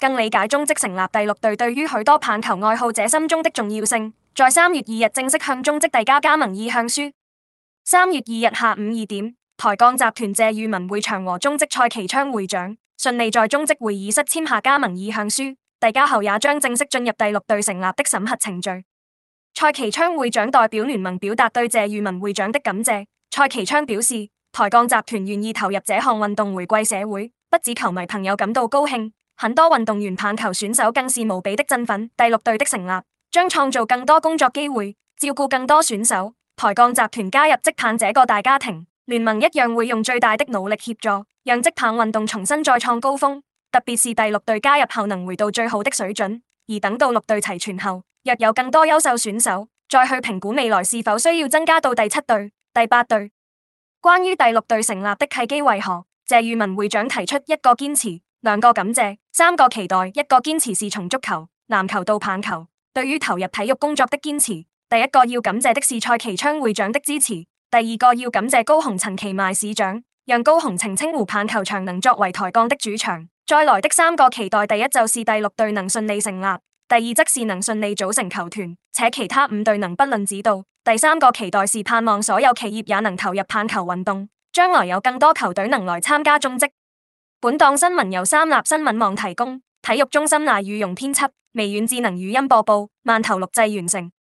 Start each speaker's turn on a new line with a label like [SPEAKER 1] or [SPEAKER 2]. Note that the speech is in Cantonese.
[SPEAKER 1] 更理解中職成立第六隊對於許多棒球愛好者心中的重要性。在三月二日正式向中職遞交加盟意向書。三月二日下午二點，台鋼集團謝裕民會長和中職蔡其昌會長順利在中職會議室簽下加盟意向書。遞交後也將正式進入第六隊成立的審核程序。蔡其昌會長代表聯盟表達對謝裕民會長的感謝。蔡其昌表示，台鋼集團願意投入這項運動回歸社會，不止球迷朋友感到高興。很多運動員，棒球選手更是無比的振奮。第六隊的成立將創造更多工作機會，照顧更多選手。台鋼集團加入職棒這個大家庭，聯盟一樣會用最大的努力協助，讓職棒運動重新再創高峰。特別是第六隊加入後，能回到最好的水準。而等到六隊齊全後，若有更多優秀選手，再去評估未來是否需要增加到第七隊、第八隊。關於第六隊成立的契機為何，謝裕文會長提出一個堅持。兩個感謝，三個期待，一個堅持是從足球、籃球到棒球，對於投入體育工作的堅持。第一個要感謝的是蔡其昌會長的支持，第二個要感謝高雄陳其邁市長，讓高雄澄清湖棒球場能作為台鋼的主場。再來的三個期待，第一就是第六隊能順利成立，第二則是能順利組成球團，且其他五隊能不吝指導。第三個期待是盼望所有企業也能投入棒球運動，將來有更多球隊能來參加中職。本檔新聞由三立新聞網提供，體育中心賴裕榮編輯，微軟智能語音播報，萬頭錄製完成。